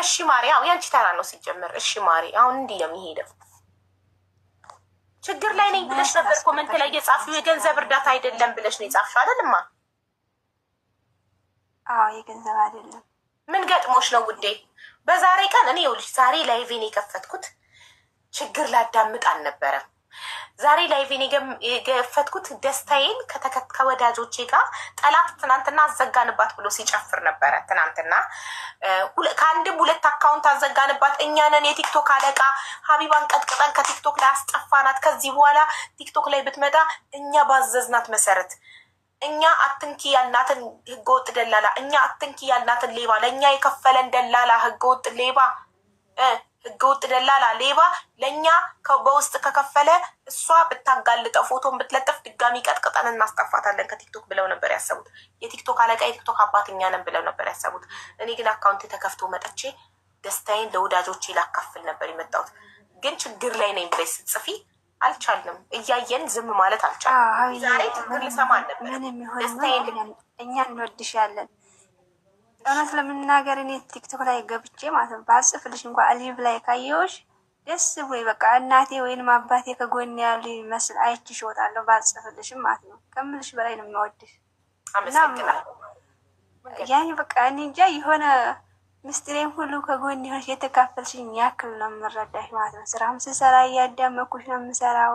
እሺ ማሪ፣ አሁን ያንቺ ተራ ነው ሲጀመር። እሺ ማሪ፣ አሁን እንዲህ ነው የሚሄደው። ችግር ላይ ነኝ ብለሽ ነበር ኮመንት ላይ የጻፍሽው። የገንዘብ እርዳታ አይደለም ብለሽ ነው የጻፍሽው አይደልማ? አዎ የገንዘብ አይደለም። ምን ገጥሞሽ ነው ውዴ? በዛሬ ቀን እኔ ይኸውልሽ፣ ዛሬ ላይቬን የከፈትኩት ችግር ላዳምጥ አልነበረም። ዛሬ ላይቬን የገፈትኩት ደስታዬን ከወዳጆቼ ጋር ጠላት ትናንትና አዘጋንባት ብሎ ሲጨፍር ነበረ። ትናንትና ከአንድም ሁለት አካውንት አዘጋንባት። እኛንን የቲክቶክ አለቃ ሀቢባን ቀጥቅጠን ከቲክቶክ ላይ አስጠፋናት። ከዚህ በኋላ ቲክቶክ ላይ ብትመጣ እኛ ባዘዝናት መሰረት እኛ አትንኪ ያልናትን ህገወጥ ደላላ፣ እኛ አትንኪ ያልናትን ሌባ፣ ለእኛ የከፈለን ደላላ ህገወጥ ሌባ ህገወጥ ደላላ ሌባ ለእኛ በውስጥ ከከፈለ እሷ ብታጋልጠ ፎቶን ብትለጥፍ ድጋሚ ቀጥቅጠን እናስጠፋታለን ከቲክቶክ ብለው ነበር ያሰቡት። የቲክቶክ አለቃ የቲክቶክ አባት እኛ ነን ብለው ነበር ያሰቡት። እኔ ግን አካውንት ተከፍቶ መጠቼ ደስታዬን ለወዳጆቼ ላካፍል ነበር የመጣሁት። ግን ችግር ላይ ነኝ ብለሽ ስትጽፊ አልቻልንም። እያየን ዝም ማለት አልቻልንም። ዛሬ ትግር ልሰማ አልነበረ ደስታዬን እኛ እንወድሻለን እውነት ለመናገር እኔ ቲክቶክ ላይ ገብቼ ማለት ነው ባጽፍልሽ እንኳ ሊቭ ላይ ካየሁሽ ደስ ብሎኝ በቃ እናቴ ወይንም አባቴ ከጎን ያሉ ይመስል አይችሽ ወጣለሁ ባጽፍልሽም ማለት ነው። ከምልሽ በላይ ነው የምወድሽ። ያኔ በቃ እኔ እንጃ የሆነ ምስጢሬም ሁሉ ከጎን የሆነሽ የተካፈልሽኝ ያክል ነው የምረዳሽ ማለት ነው። ስራም ስሰራ እያዳመኩሽ ነው የምሰራው።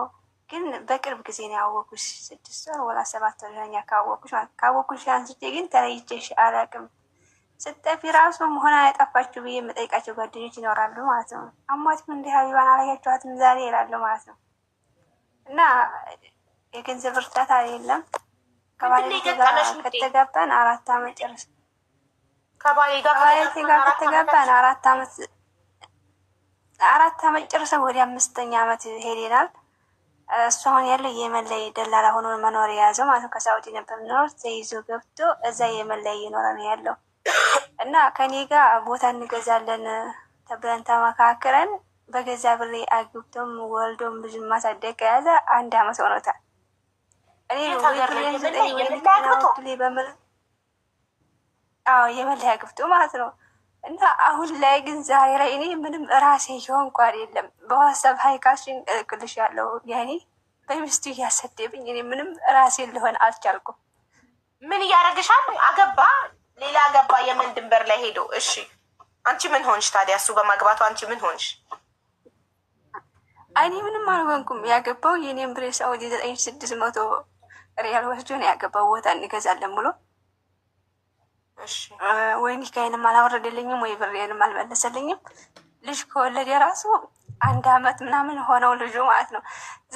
ግን በቅርብ ጊዜ ነው ያወኩሽ። ስድስት ወር ወላ ሰባት ወር ሆኛ ካወኩሽ ማለት ካወኩሽ አንስቼ ግን ተለይቼሽ አላቅም። ስጠፊ ራሱ መሆን አያጠፋችሁ ብዬ የምጠይቃቸው ጓደኞች ይኖራሉ ማለት ነው። አሟትም እንዲህ ሀቢባን አላያችኋትም ዛሬ ይላሉ ማለት ነው። እና የገንዘብ እርዳታ የለም። ከባሌ አራት አመት ጨርስ ከባሌ ጋር ከተገባን አራት አመት አራት አመት ጨርሰን ወደ አምስተኛ አመት ሄደናል። እሱ አሁን ያለው የመን ላይ ደላላ ሆኖ መኖር የያዘው ማለት ነው። ከሳውዲ ነበር የምኖረው ተይዞ ገብቶ እዛ የመን ላይ እየኖረ ነው ያለው። እና ከኔ ጋር ቦታ እንገዛለን ተብለን ተመካክረን በገዛ ብሬ አግብቶም ወልዶም ብዙ ማሳደግ ከያዘ አንድ አመት ሆኖታል። እኔ የመለያ ግብቱ ማለት ነው። እና አሁን ላይ ግን ዛሬ ላይ እኔ ምንም ራሴ የሆንኩ የለም። በዋሳብ ሀይካሽን እልክልሽ ያለው ያኔ በሚስቱ እያሰደብኝ እኔ ምንም ራሴ ልሆን አልቻልኩም። ምን እያደረግሻል? አገባ ሌላ ገባ የምን ድንበር ላይ ሄዶ። እሺ አንቺ ምን ሆንሽ ታዲያ? እሱ በማግባቱ አንቺ ምን ሆንሽ? እኔ ምንም አልሆንኩም። ያገባው የኔም ብሬ ሳውዲ ዘጠኝ ስድስት መቶ ሪያል ወስዶ ነው ያገባው። ቦታ እንገዛለን ብሎ ወይ ኒካዬንም አላወረደልኝም ወይ ብሬንም አልመለሰልኝም። ልጅ ከወለደ ራሱ አንድ አመት ምናምን ሆነው ልጁ ማለት ነው።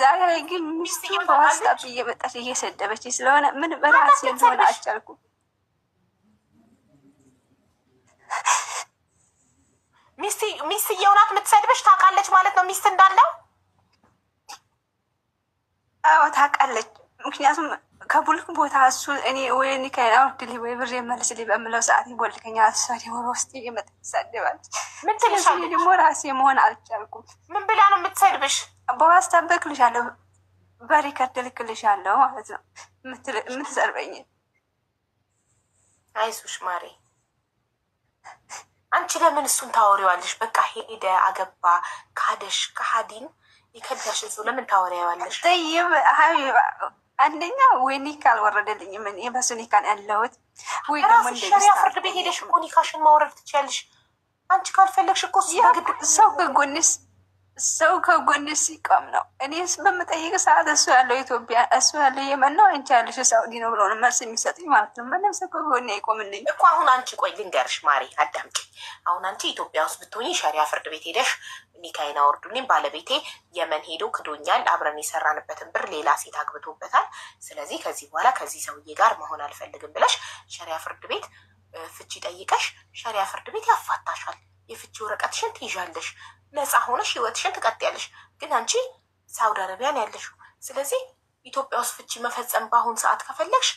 ዛሬ ላይ ግን ሚስት በዋስጣብ እየመጣች እየሰደበች ስለሆነ ምን በራሴ ሆነ አልቻልኩም። ሚስት እየሆናት የምትሰድብሽ ታውቃለች ማለት ነው። ሚስት እንዳለው አዎ ታውቃለች። ምክንያቱም ከቡልክ ቦታ እሱ እኔ ወይ ኒካይን ወይ ብር መልስልኝ በምለው ሰዓት ይቦልከኛል። ሰሪ ደግሞ ውስጥ እየመጣ ትሳደባለች። ምን ደግሞ ራሴ መሆን አልቻልኩም። ምን ብላ ነው የምትሰድብሽ? በዋስታብ እልክልሻለሁ፣ በሪከርድ እልክልሻለሁ ማለት ነው የምትሰርበኝ። አይሱሽ ማሬ አንቺ ለምን እሱን ታወሪዋለሽ? በቃ ሄደ አገባ ካደሽ ከሀዲን የከዳሽ ሰው ለምን ታወሪዋለሽ? ጠይም ሀቢባ አንደኛ ወይ ኒካ አልወረደልኝ ምን የበሱ ኒካን ያለሁት ወይ ደግሞ ሸሪያ ፍርድ ቤት ሄደሽ እኮ ኒካሽን ማውረድ ትችያለሽ። አንቺ ካልፈለግሽ እኮ እሱ በግድ ሰው ከጎንስ ሰው ከጎን ሲቆም ነው። እኔስ በምጠይቅ ሰዓት እሱ ያለው ኢትዮጵያ፣ እሱ ያለው የመን ነው፣ አንቺ ያለሽ ሳውዲ ነው ብሎ ነው መልስ የሚሰጥኝ ማለት ነው። ምንም ሰው ከጎን አይቆምልኝ እኮ። አሁን አንቺ ቆይ ልንገርሽ ማሬ፣ አዳምጪ። አሁን አንቺ ኢትዮጵያ ውስጥ ብትሆኝ ሸሪያ ፍርድ ቤት ሄደሽ ኒካይን አወርዱልኝ፣ ባለቤቴ የመን ሄዶ ክዶኛል፣ አብረን የሰራንበትን ብር ሌላ ሴት አግብቶበታል፣ ስለዚህ ከዚህ በኋላ ከዚህ ሰውዬ ጋር መሆን አልፈልግም ብለሽ ሸሪያ ፍርድ ቤት ፍቺ ጠይቀሽ ሸሪያ ፍርድ ቤት ያፋታሻል። የፍቺ ወረቀትሽን ትይዣለሽ። ነፃ ሆነሽ ህይወትሽን ትቀጥያለሽ። ግን አንቺ ሳውዲ አረቢያን ያለሽ፣ ስለዚህ ኢትዮጵያ ውስጥ ፍቺ መፈጸም በአሁን ሰዓት ከፈለግሽ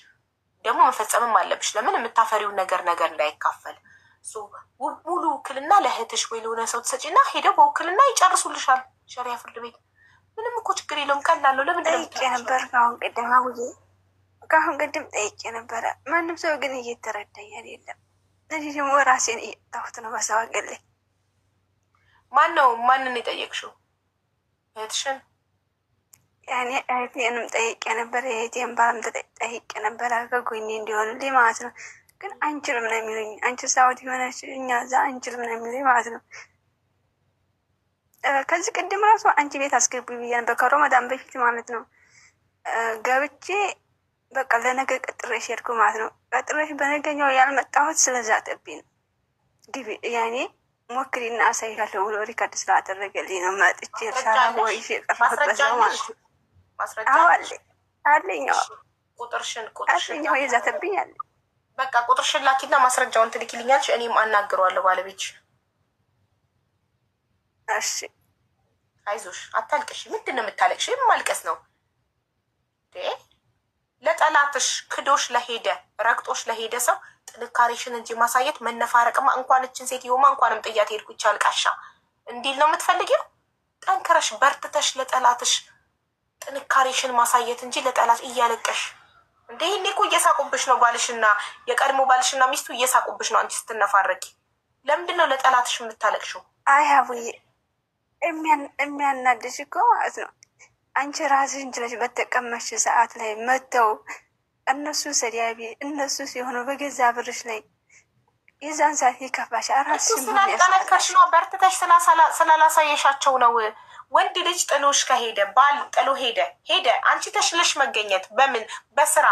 ደግሞ መፈጸምም አለብሽ። ለምን የምታፈሪውን ነገር ነገር እንዳይካፈል ሙሉ ውክልና ለእህትሽ ወይ ለሆነ ሰው ትሰጪና ሄደው በውክልና ይጨርሱልሻል። ሸሪያ ፍርድ ቤት ምንም እኮ ችግር የለውም። ቀላለው ለምን ጠይቄ ነበር ከአሁን ቅድም አውዬ ከአሁን ቅድም ጠይቄ ነበረ። ማንም ሰው ግን እየተረዳኝ አይደለም። እኔ ደግሞ ራሴን እየጣሁት ነው ላይ ማን ነው? ማንን የጠየቅሽው? እህትሽን? ያኔ እህቴንም ጠይቄ ነበር። የእህቴን ባልም ጠይቄ ነበር። አገጎኝ እንዲሆንልኝ ማለት ነው። ግን አንችልም ነው የሚሉኝ። አንቺ ሳውዲ የሆነች እኛ እዛ አንችልም ነው የሚሉኝ ማለት ነው። ከዚህ ቅድም ራሱ አንቺ ቤት አስገቡ ብዬ ነበር፣ ከሮመዳን በፊት ማለት ነው። ገብቼ በቃ ለነገ ቀጥሬሽ ሄድኩ ማለት ነው። ቀጥሬሽ በነገኛው ያልመጣሁት ስለዛ ጠቢ ነው ግቢ ያኔ ሞክሪና አሳይሻለሁ ብሎ ሪከርድ ስላደረገልኝ ነው መጥቼ እርሻራ ወይ የቀረበበት ነው ማለት ነው። አለኛው የዛተብኝ አለ። በቃ ቁጥርሽን ላኪና ማስረጃውን ትልኪልኛለሽ፣ እኔም አናግረዋለሁ ባለቤት። እሺ አይዞሽ፣ አታልቅሽ። ምንድን ነው የምታለቅሽ? ማልቀስ ነው ለጠላትሽ ክዶሽ ለሄደ ረግጦሽ ለሄደ ሰው ጥንካሬሽን እንጂ ማሳየት መነፋረቅማ እንኳን እችን ሴትዮማ እንኳንም ጥያት ሄድኩ ይቻል ቃሻ እንዲል ነው የምትፈልጊው። ጠንክረሽ በርትተሽ ለጠላትሽ ጥንካሬሽን ማሳየት እንጂ ለጠላት እያለቀሽ እንደ ይህኔ እኮ እየሳቁብሽ ነው ባልሽና የቀድሞ ባልሽና ሚስቱ እየሳቁብሽ ነው አንቺ ስትነፋረቂ። ለምንድን ነው ለጠላትሽ የምታለቅሽው? አይ ሀቡዬ፣ የሚያናድሽ እኮ ማለት ነው አንቺ ራስሽ እንችለሽ በተቀመሽ ሰዓት ላይ መጥተው እነሱ ሰዲያቢ እነሱ ሲሆኑ በገዛ ብርሽ ላይ የዛን ሰዓት ይከፋሽ። ራስሽ ስላልጠነከሽ ነው፣ በርትተሽ ስላላሳየሻቸው ነው። ወንድ ልጅ ጥሎሽ ከሄደ ባል ጥሎ ሄደ ሄደ፣ አንቺ ተሽለሽ መገኘት በምን በስራ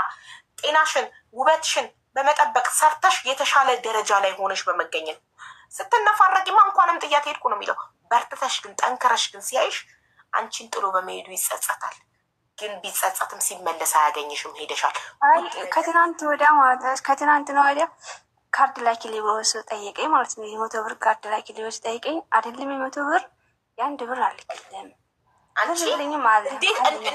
ጤናሽን፣ ውበትሽን በመጠበቅ ሰርተሽ የተሻለ ደረጃ ላይ ሆነሽ በመገኘት ስትነፋረቂማ እንኳንም ጥያት ሄድኩ ነው የሚለው። በርትተሽ ግን ጠንክረሽ ግን ሲያይሽ አንቺን ጥሎ በመሄዱ ይጸጸታል። ግን ቢጸጸትም ሲመለስ አያገኝሽም። ሄደሻል። ከትናንት ወዲያ ማለት ከትናንት ነው ወዲያ ካርድ ላኪ ሊበወስ ጠየቀኝ ማለት ነው። የመቶ ብር ካርድ ላኪ ሊበወስ ጠየቀኝ አይደለም። የመቶ ብር የአንድ ብር አልክልም አንቺልኝም አለ።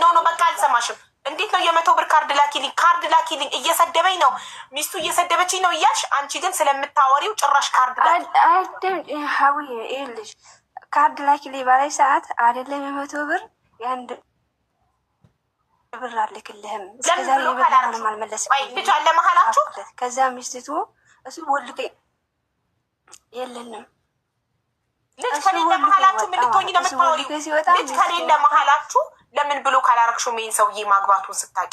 ኖ ኖ፣ በቃ አልሰማሽም። እንዴት ነው የመቶ ብር ካርድ ላኪልኝ፣ ካርድ ላኪልኝ፣ እየሰደበኝ ነው፣ ሚስቱ እየሰደበችኝ ነው እያልሽ አንቺ ግን ስለምታወሪው ጭራሽ ካርድ ላኪ አደም ሀዊ ይልሽ ካርድ ላኪልኝ ባላይ ሰዓት አይደለም የመቶ ብር የአንድ ብር አልክልህም ከዛ ሚስቲቱ እሱ ወልቀኝ የለንም ልጅ ከሌለ መሀላችሁ ምን ልትሆኝ ነው የምታወሪው? ልጅ ከሌለ መሀላችሁ ለምን ብሎ ካላረግሽው ሜን ሰውዬ ማግባቱን ስታቂ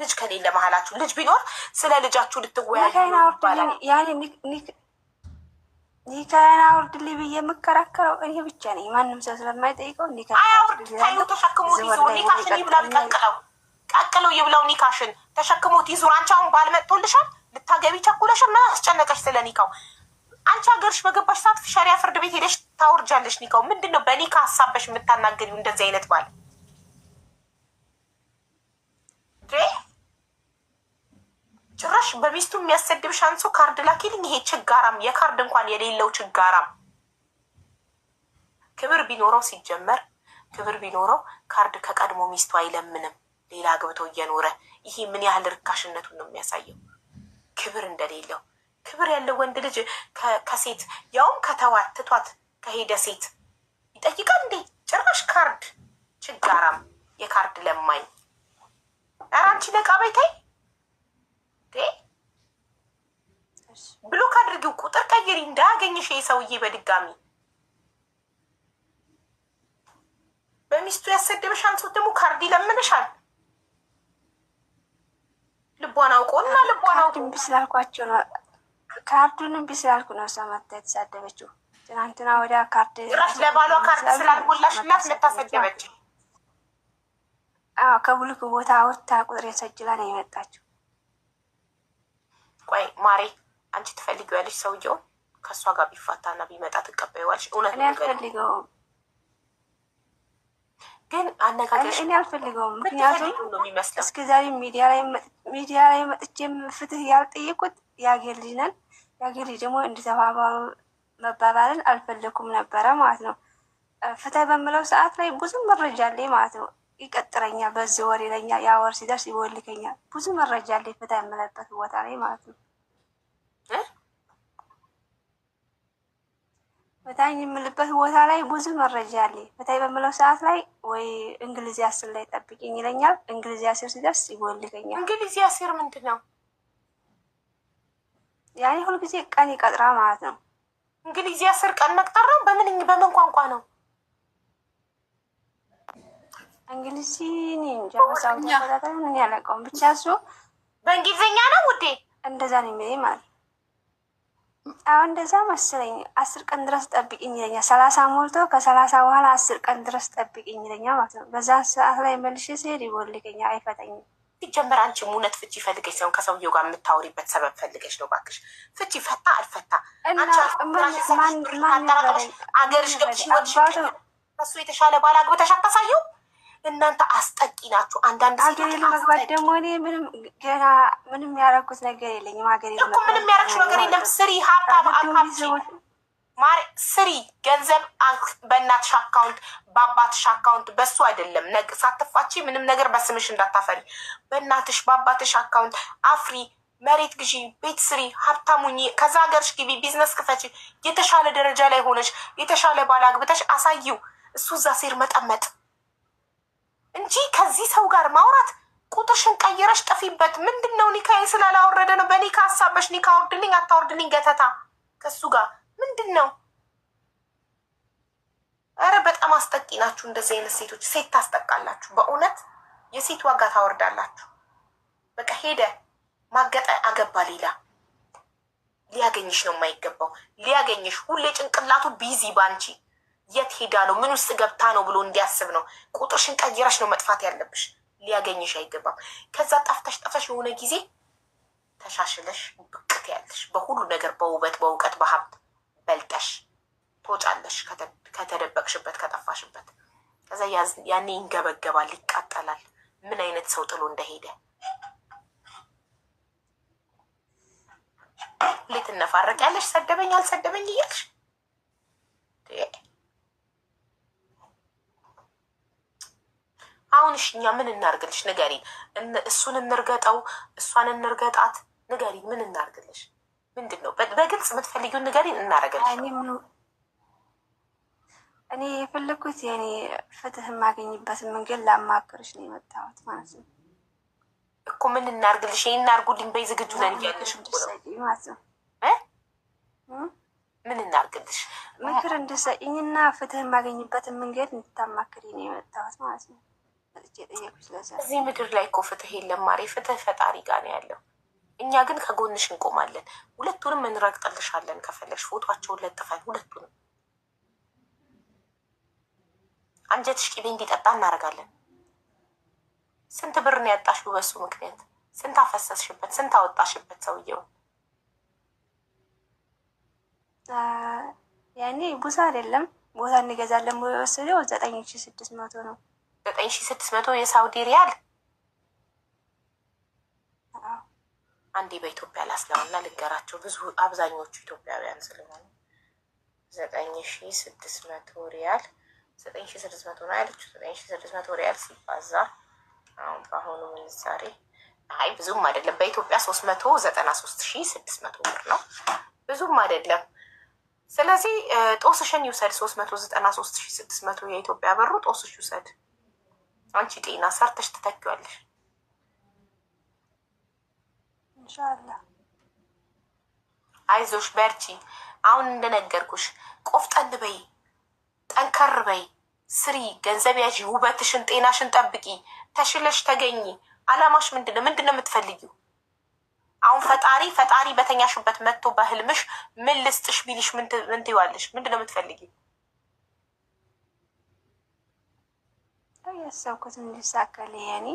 ልጅ ከሌለ መሀላችሁ ልጅ ቢኖር ስለ ልጃችሁ ልትወያዩ ይባላል። ኒካዬን አውርድልኝ ብዬ የምከራከረው እኔ ብቻ ነኝ። ማንም ሰው ስለማይጠይቀው ኒካታዩ ተሸክሞት ይዞ ኒካሽን ይብላል። ቀቅለው ቀቅለው ይብለው ኒካሽን ተሸክሞት ይዞ አንቺ አሁን ባል ልታገቢ ቸኩለሽን ምን አስጨነቀሽ ስለ ኒካው? አንቺ ሀገርሽ በገባሽ ሰዓት ሸሪያ ፍርድ ቤት ሄደሽ ታወርጃለሽ። ኒካው ምንድን ነው? በኒካ ሀሳበሽ የምታናገሪው እንደዚህ አይነት ባል ጭራሽ በሚስቱ የሚያሰድብሻን ሰው ካርድ ላኪልኝ። ይሄ ችጋራም የካርድ እንኳን የሌለው ችጋራም ክብር ቢኖረው ሲጀመር ክብር ቢኖረው ካርድ ከቀድሞ ሚስቱ አይለምንም። ሌላ አግብቶ እየኖረ ይሄ ምን ያህል ርካሽነቱን ነው የሚያሳየው፣ ክብር እንደሌለው። ክብር ያለው ወንድ ልጅ ከሴት ያውም ከተዋት ትቷት ከሄደ ሴት ይጠይቃል እንዴ? ጭራሽ ካርድ ችጋራም፣ የካርድ ለማኝ። አራንቺ ነቃ በይ ተይ። ብሎክ አድርጊው፣ ቁጥር ቀይሪ፣ እንዳያገኝሽ ሰውዬ በድጋሚ በሚስቱ ያሰደበሽ አንሶት ደግሞ ካርድ ይለምንሻል። ልቧን አውቆ እና ልቧን አውቆ እምቢ ስላልኳቸው ነው። ካርዱን እምቢ ስላልኩ ነው እሷ መታ የተሳደበችው። ትናንትና ወዲያ ካርድ ጭራሽ ለባሏ ካርድ ስላልሞላሽላት መታሰደበች። አዎ ከብሉክ ቦታ ወታ ቁጥር የሰጅላ ነው የመጣችው። ቆይ ማሬ፣ አንቺ ትፈልጊዋለሽ? ሰውየው ከእሷ ጋር ቢፋታና ቢመጣ ትቀበይዋለሽ? እውነት አልፈልገውም፣ ግን አነጋገርሽ እኔ አልፈልገውም። ምክንያቱም እስከ ዛሬ ሚዲያ ላይ ሚዲያ ላይ መጥቼም ፍትህ ያልጠየቁት የአገር ልጅ ነን፣ የአገር ልጅ ደግሞ እንዲተባባሩ መባባልን አልፈለኩም ነበረ ማለት ነው። ፍትህ በምለው ሰዓት ላይ ብዙም መረጃ አለ ማለት ነው። ይቀጥረኛ በዚህ ወር ይለኛ ያ ወር ሲደርስ ይወልከኛ ብዙ መረጃ አለ ፍታ የምለበት ቦታ ላይ ማለት ነው። ፍታኝ የምልበት ቦታ ላይ ብዙ መረጃ አለ። ፈታ በምለው ሰዓት ላይ ወይ እንግሊዝያ ስር ላይ ጠብቅኝ ይለኛል። እንግሊዝ ስር ሲደርስ ይወልከኛል። እንግሊዝ አስር ምንድን ነው? ያኔ ሁልጊዜ ቀን ይቀጥራ ማለት ነው። እንግሊዝ አስር ቀን መቅጠር ነው። በምን በምን ቋንቋ ነው? እንግሊዝኛ እኔ እንጃ ሳውዲ ምን ያለቀውም ብቻ እሱ በእንግሊዝኛ ነው ውዴ፣ እንደዛ ነው የሚለኝ ማለት አሁን እንደዛ መሰለኝ። አስር ቀን ድረስ ጠብቅኝ ይለኛል። ሰላሳ ሞልቶ ከሰላሳ በኋላ አስር ቀን ድረስ ጠብቅኝ ይለኛል ማለት ነው። በዛ ሰዓት ላይ መልሼ ስሄድ ይቦልቀኛል፣ አይፈጠኝም። ሲጀመር አንቺ እውነት ፍቺ ፈልገሽ ሳይሆን ከሰውየው ጋር የምታወሪበት ሰበብ ፈልገሽ ነው። እባክሽ ፍቺ ፈታ አልፈታ አገርሽ ገብሽ ወድሽ ከሱ የተሻለ ባል አግብተሽ እናንተ አስጠቂ ናችሁ። አንዳንድ ሀገሬ ለመግባት ደግሞ እኔ ምንም ገና ምንም ያደረኩት ነገር የለኝም። ሀገሬ እኮ ምንም ያደረግሽ ነገር የለም። ስሪ ሀብታም አካውንት ማሪ ስሪ ገንዘብ በእናትሽ አካውንት፣ በአባትሽ አካውንት በሱ አይደለም ነግ ሳትፋቺ ምንም ነገር በስምሽ እንዳታፈሪ። በእናትሽ በአባትሽ አካውንት አፍሪ። መሬት ግዢ፣ ቤት ስሪ፣ ሀብታሙኝ። ከዛ ሀገርሽ ግቢ፣ ቢዝነስ ክፈች። የተሻለ ደረጃ ላይ ሆነች፣ የተሻለ ባል አግብተሽ አሳይው። እሱ እዛ ሴር መጠመጥ እንጂ ከዚህ ሰው ጋር ማውራት ቁጥርሽን ቀይረሽ ጥፊበት። ምንድን ነው ኒካዬ ስላላወረደ ነው። በኒካ ሀሳበሽ ኒካ አውርድልኝ አታወርድልኝ ገተታ ከሱ ጋር ምንድን ነው? እረ በጣም አስጠቂ ናችሁ እንደዚህ አይነት ሴቶች። ሴት ታስጠቃላችሁ በእውነት የሴት ዋጋ ታወርዳላችሁ። በቃ ሄደ ማገጠ አገባ ሌላ ሊያገኝሽ ነው የማይገባው ሊያገኝሽ ሁሌ ጭንቅላቱ ቢዚ ባንቺ የት ሄዳ ነው ምን ውስጥ ገብታ ነው ብሎ እንዲያስብ ነው። ቁጥርሽን ቀይረሽ ነው መጥፋት ያለብሽ። ሊያገኝሽ አይገባም። ከዛ ጠፍተሽ ጠፍተሽ የሆነ ጊዜ ተሻሽለሽ ብቅት ያለሽ በሁሉ ነገር በውበት፣ በእውቀት፣ በሀብት በልጠሽ ትወጫለሽ ከተደበቅሽበት ከጠፋሽበት። ከዛ ያኔ ይንገበገባል፣ ይቃጠላል። ምን አይነት ሰው ጥሎ እንደሄደ ልትነፋረቅ ያለሽ ሰደበኝ አልሰደበኝ እያልሽ አሁን እሺ እኛ ምን እናርግልሽ? ንገሪ። እሱን እንርገጠው፣ እሷን እንርገጣት? ንገሪ። ምን እናርግልሽ? ምንድን ነው በግልጽ የምትፈልጊውን ንገሪ፣ እናረግልሽ። እኔ የፈለግኩት የኔ ፍትህ የማገኝበትን መንገድ ላማክርሽ ነው የመጣሁት ማለት ነው እኮ። ምን እናርግልሽ? ይህ እናርጉልኝ በይ፣ ዝግጁ ነን እያለሽ ምን እናርግልሽ? ምክር እንድሰጭኝና ፍትህ የማገኝበትን መንገድ እንድታማክሪ ነው የመጣሁት ማለት ነው። እዚህ ምድር ላይ እኮ ፍትህ የለም ማሬ፣ ፍትህ ፈጣሪ ጋር ነው ያለው። እኛ ግን ከጎንሽ እንቆማለን። ሁለቱንም እንረግጠልሻለን። ከፈለሽ ፎቷቸውን ለጥፈን ሁለቱንም አንጀትሽ ቅቤ እንዲጠጣ እናደርጋለን። ስንት ብር ነው ያጣሽው በሱ ምክንያት? ስንት አፈሰስሽበት? ስንት አወጣሽበት? ሰውየው ያኔ ብዙ አይደለም ቦታ እንገዛለን ወስደው ዘጠኝ ሺ ስድስት መቶ ነው ዘጠኝ ሺ ስድስት መቶ የሳውዲ ሪያል አንዴ በኢትዮጵያ ላስለዋና ልገራቸው ብዙ አብዛኞቹ ኢትዮጵያውያን ስለሆኑ ዘጠኝ ሺ ስድስት መቶ ሪያል ዘጠኝ ሺ ስድስት መቶ ነው ያለችው። ዘጠኝ ሺ ስድስት መቶ ሪያል ሲባዛ አሁን በአሁኑ ምንዛሬ አይ ብዙም አይደለም። በኢትዮጵያ ሶስት መቶ ዘጠና ሶስት ሺ ስድስት መቶ ብር ነው። ብዙም አይደለም። ስለዚህ ጦስሽን ይውሰድ። ሶስት መቶ ዘጠና ሶስት ሺ ስድስት መቶ የኢትዮጵያ ብሩ ጦስሽ ይውሰድ። አንቺ ጤና ሰርተሽ ትተኪዋለሽ ኢንሻአላህ። አይዞሽ በርቺ። አሁን እንደነገርኩሽ ቆፍጠን በይ፣ ጠንከር በይ፣ ስሪ፣ ገንዘብ ያዥ፣ ውበትሽን፣ ጤናሽን ጠብቂ፣ ተሽለሽ ተገኝ። አላማሽ ምንድነው? ነው የምትፈልጊው? አሁን ፈጣሪ ፈጣሪ በተኛሽበት መጥቶ በህልምሽ ምን ልስጥሽ ቢልሽ ምን ትይዋለሽ? ምንድነው የምትፈልጊው? ያው ያሳብኩት እንዲሳካልኝ ያኔ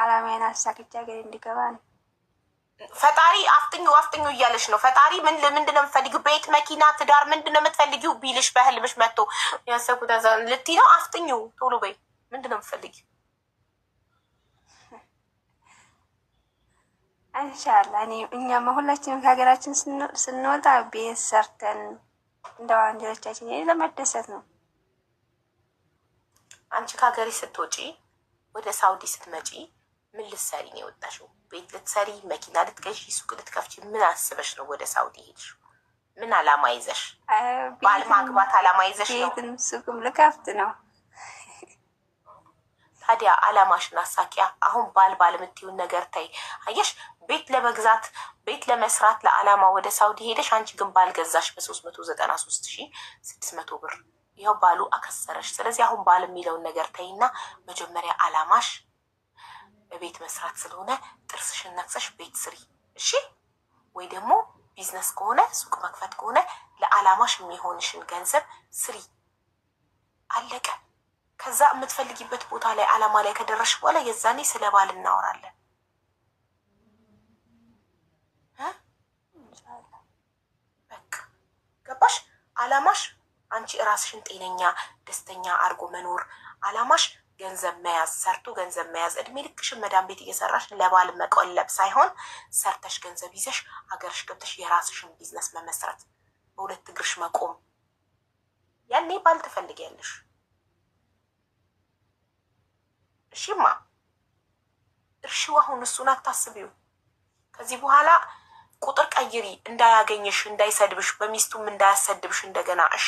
አላማዬን አሳክቼ ሀገሬ እንዲገባ ነው። ፈጣሪ አፍጥኙ አፍጥኙ እያለሽ ነው። ፈጣሪ ምን ምንድን ነው የምትፈልጊው? ቤት፣ መኪና፣ ትዳር ምንድን ነው የምትፈልጊው ቢልሽ በህልምሽ መጥቶ ያሰብኩት ልቲ ነው። አፍጥኙ ቶሎ በይ። ምንድን ነው የምትፈልጊው? እንሻላ እኛማ ሁላችንም ከሀገራችን ስንወጣ ቤት ሰርተን እንደ ወንጀሎቻችን ለመደሰት ነው። አንቺ ከሀገሬ ስትወጪ ወደ ሳውዲ ስትመጪ ምን ልትሰሪ ነው የወጣሽው? ቤት ልትሰሪ፣ መኪና ልትገዢ፣ ሱቅ ልትከፍቺ፣ ምን አስበሽ ነው ወደ ሳውዲ ሄድሽው? ምን አላማ ይዘሽ? ባል ማግባት አላማ ይዘሽ ነው? ቤትም ሱቅም ልከፍት ነው። ታዲያ አላማሽን አሳኪያ። አሁን ባል ባል የምትይውን ነገር ተይ። አየሽ፣ ቤት ለመግዛት ቤት ለመስራት ለአላማ ወደ ሳውዲ ሄደሽ፣ አንቺ ግን ባል ገዛሽ በሶስት መቶ ዘጠና ሶስት ሺ ስድስት መቶ ብር ይኸው ባሉ አከሰረሽ። ስለዚህ አሁን ባል የሚለውን ነገር ተይና መጀመሪያ አላማሽ ቤት መስራት ስለሆነ ጥርስሽን ነክሰሽ ቤት ስሪ፣ እሺ? ወይ ደግሞ ቢዝነስ ከሆነ ሱቅ መክፈት ከሆነ ለአላማሽ የሚሆንሽን ገንዘብ ስሪ፣ አለቀ። ከዛ የምትፈልጊበት ቦታ ላይ አላማ ላይ ከደረሽ በኋላ የዛኔ ስለ ባል እናወራለን። ገባሽ? አላማሽ አንቺ እራስሽን ጤነኛ ደስተኛ አድርጎ መኖር አላማሽ ገንዘብ መያዝ ሰርቶ ገንዘብ መያዝ እድሜ ልክሽን መዳን ቤት እየሰራሽ ለባል መቆለብ ሳይሆን ሰርተሽ ገንዘብ ይዘሽ ሀገርሽ ገብተሽ የራስሽን ቢዝነስ መመስረት በሁለት እግርሽ መቆም ያኔ ባል ትፈልጊያለሽ። እሺማ እርሺው። አሁን እሱን አታስቢው። ከዚህ በኋላ ቁጥር ቀይሪ፣ እንዳያገኝሽ፣ እንዳይሰድብሽ፣ በሚስቱም እንዳያሰድብሽ እንደገና እሺ።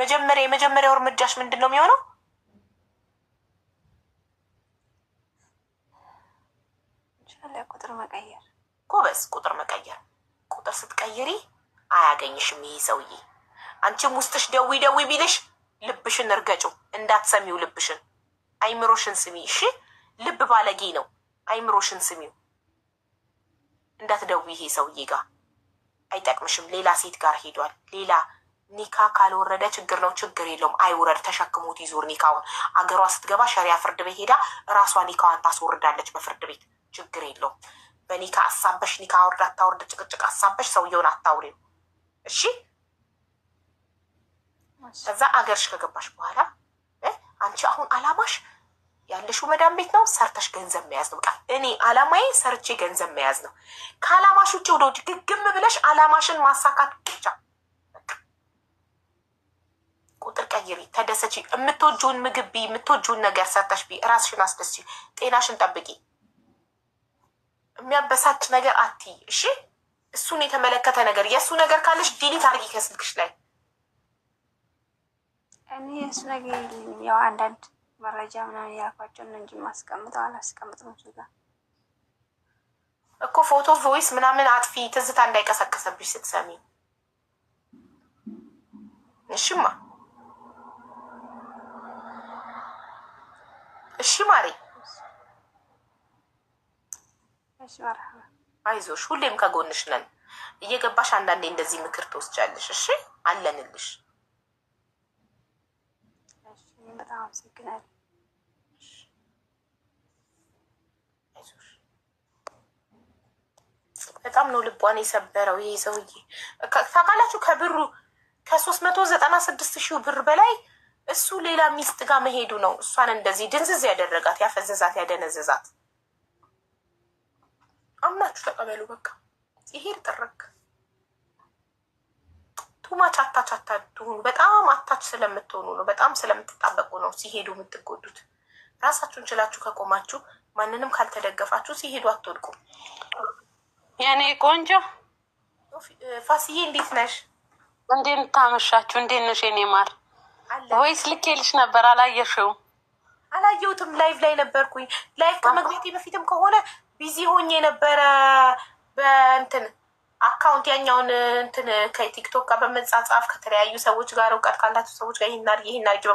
መጀመሪያ የመጀመሪያው እርምጃሽ ምንድን ነው የሚሆነው? ቁጥር መቀየር። ጎበዝ፣ ቁጥር መቀየር። ቁጥር ስትቀይሪ አያገኝሽም ይሄ ሰውዬ። አንቺም ውስጥሽ ደዊ ደዊ ቢልሽ ልብሽን እርገጩ፣ እንዳትሰሚው ልብሽን። አይምሮሽን ስሚ እሺ። ልብ ባለጌ ነው። አይምሮሽን ስሚው። እንዳትደዊ ይሄ ሰውዬ ጋር አይጠቅምሽም። ሌላ ሴት ጋር ሄዷል። ሌላ ኒካ ካልወረደ ችግር ነው። ችግር የለውም አይውረድ፣ ተሸክሞት ይዞር ኒካውን። አገሯ ስትገባ ሸሪያ ፍርድ ቤት ሄዳ ራሷ ኒካዋን ታስወርዳለች በፍርድ ቤት። ችግር የለውም። በኒካ አሳበሽ ኒካ አውርድ አታውርድ፣ ጭቅጭቅ አሳበሽ ሰውየውን አታውሪው። እሺ። ከዛ አገርሽ ከገባሽ በኋላ አንቺ አሁን አላማሽ ያለሽው መዳም ቤት ነው፣ ሰርተሽ ገንዘብ መያዝ ነው። በቃ እኔ አላማዬ ሰርቼ ገንዘብ መያዝ ነው። ከአላማሽ ውጭ ወደ ውጭ ግግም ብለሽ አላማሽን ማሳካት ብቻ ቀይሪ፣ ተደሰች፣ የምትወጂውን ምግብ ቢ የምትወጂውን ነገር ሰርተሽ ቢ ራስሽን አስደስ፣ ጤናሽን ጠብቂ። የሚያበሳጭ ነገር አትይ። እሺ፣ እሱን የተመለከተ ነገር የእሱ ነገር ካለሽ ዲሊት አርጊ ከስልክሽ ላይ። እኔ የእሱ ነገር የለኝም። ያው አንዳንድ መረጃ ምናምን ያልኳቸውን እንጂ ማስቀምጠው አላስቀምጥም እዛ እኮ ፎቶ፣ ቮይስ ምናምን አጥፊ፣ ትዝታ እንዳይቀሰቀሰብሽ ስትሰሚ። እሽማ እሺ ማሬ፣ አይዞሽ፣ ሁሌም ከጎንሽ ነን። እየገባሽ አንዳንዴ እንደዚህ ምክር ትወስጃለሽ። እሺ፣ አለንልሽ። በጣም ነው ልቧን የሰበረው ይሄ ሰውዬ። ታውቃላችሁ ከብሩ ከሶስት መቶ ዘጠና ስድስት ሺህ ብር በላይ እሱ ሌላ ሚስት ጋር መሄዱ ነው እሷን እንደዚህ ድንዝዝ ያደረጋት ያፈዘዛት ያደነዘዛት። አምናችሁ ተቀበሉ። በቃ ይሄድ ጥርግ ቱማች አታች አታትሆኑ። በጣም አታች ስለምትሆኑ ነው፣ በጣም ስለምትጣበቁ ነው ሲሄዱ የምትጎዱት። ራሳችሁን ችላችሁ ከቆማችሁ፣ ማንንም ካልተደገፋችሁ ሲሄዱ አትወድቁም። የኔ ቆንጆ ፋሲዬ እንዴት ነሽ? እንዴት ታመሻችሁ? እንዴት ነሽ የኔ ማር ወይስ ልኬልሽ ነበር አላየሽውም? አላየሁትም። ላይቭ ላይ ነበርኩኝ። ላይቭ ከመግቤቴ በፊትም ከሆነ ቢዚ ሆኜ የነበረ በእንትን አካውንት ያኛውን እንትን ከቲክቶክ ጋር በመጻጻፍ ከተለያዩ ሰዎች ጋር እውቀት ካላቸው ሰዎች ጋር ይህን አድርጊ ይህን አድርጊ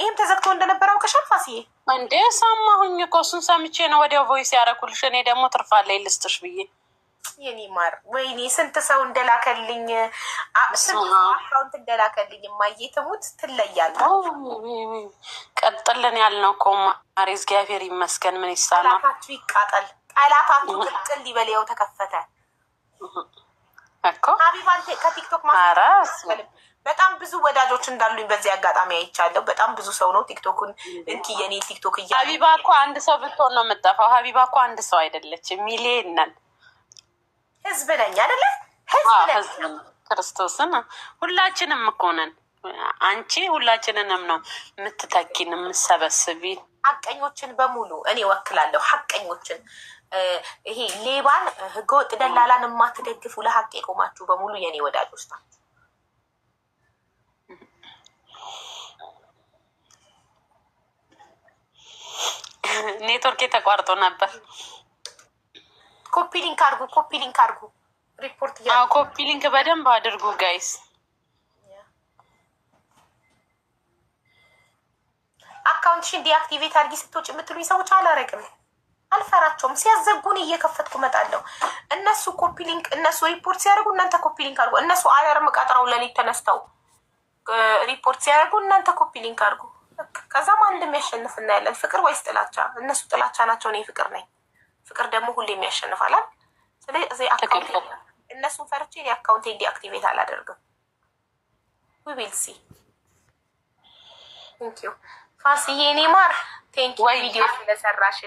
ይህም ተዘግቶ እንደነበረ አውቀሻል። ፋሲዬ እንዴ ሰማሁኝ እኮ እሱን ሰምቼ ነው ወዲያው ቮይስ ያደረኩልሽ። እኔ ደግሞ ትርፋለኝ ልስጥሽ ብዬ የኔ ማር ወይኔ ስንት ሰው እንደላከልኝ ስንት አካውንት እንደላከልኝ እማዬ ትሙት ትለያለ ቀጥልን ያልነው እኮ ማሪ እግዚአብሔር ይመስገን። ምን ይሳላ ጠላታችሁ ይቃጠል፣ ጠላታችሁ ቅጥል ሊበል ያው ተከፈተ እኮ ሀቢባን ከቲክቶክ ማስፈልም በጣም ብዙ ወዳጆች እንዳሉኝ በዚህ አጋጣሚ አይቻለሁ። በጣም ብዙ ሰው ነው ቲክቶክን እንኪ የኔ ቲክቶክ እያ ሀቢባ እኮ አንድ ሰው ብትሆን ነው የምጠፋው። ሀቢባ እኮ አንድ ሰው አይደለች፣ ሚሊየን ነን ህዝብ ነኝ አደለ? ህዝብ ክርስቶስን ሁላችንም እኮ ነን። አንቺ ሁላችንንም ነው የምትተኪን የምትሰበስቢ። ሀቀኞችን በሙሉ እኔ ወክላለሁ። ሀቀኞችን ይሄ ሌባን፣ ህገወጥ ደላላን የማትደግፉ ለሀቅ የቆማችሁ በሙሉ የእኔ ወዳጆች ናት። ኔትወርክ ተቋርጦ ነበር። ኮፒ ሊንክ አድርጉ፣ ኮፒ ሊንክ አድርጉ። ሪፖርት እያ ኮፒ ሊንክ በደንብ አድርጉ ጋይስ። አካውንትሽን ዲአክቲቬት አድርጊ ስትወጪ የምትሉኝ ሰዎች አላረግም፣ አልፈራቸውም። ሲያዘጉን እየከፈትኩ እመጣለሁ። እነሱ ኮፒ ሊንክ እነሱ ሪፖርት ሲያደርጉ እናንተ ኮፒ ሊንክ አድርጉ። እነሱ አለርም ቀጥረው ለሊት ተነስተው ሪፖርት ሲያደርጉ እናንተ ኮፒ ሊንክ አድርጉ። ከዛም አንድ የሚያሸንፍ እናያለን። ፍቅር ወይስ ጥላቻ? እነሱ ጥላቻ ናቸው፣ እኔ ፍቅር ነኝ። ፍቅር ደግሞ ሁሌም ያሸንፋላል። ስለዚህ እዚህ አካውንት እነሱን ፈርቼ የአካውንት ዲአክቲቬት አላደርግም። ዊል ሲ ቴንኪዩ ፋሲዬ ኔማር ቴንኪዩ ቪዲዮ ስለሰራሽ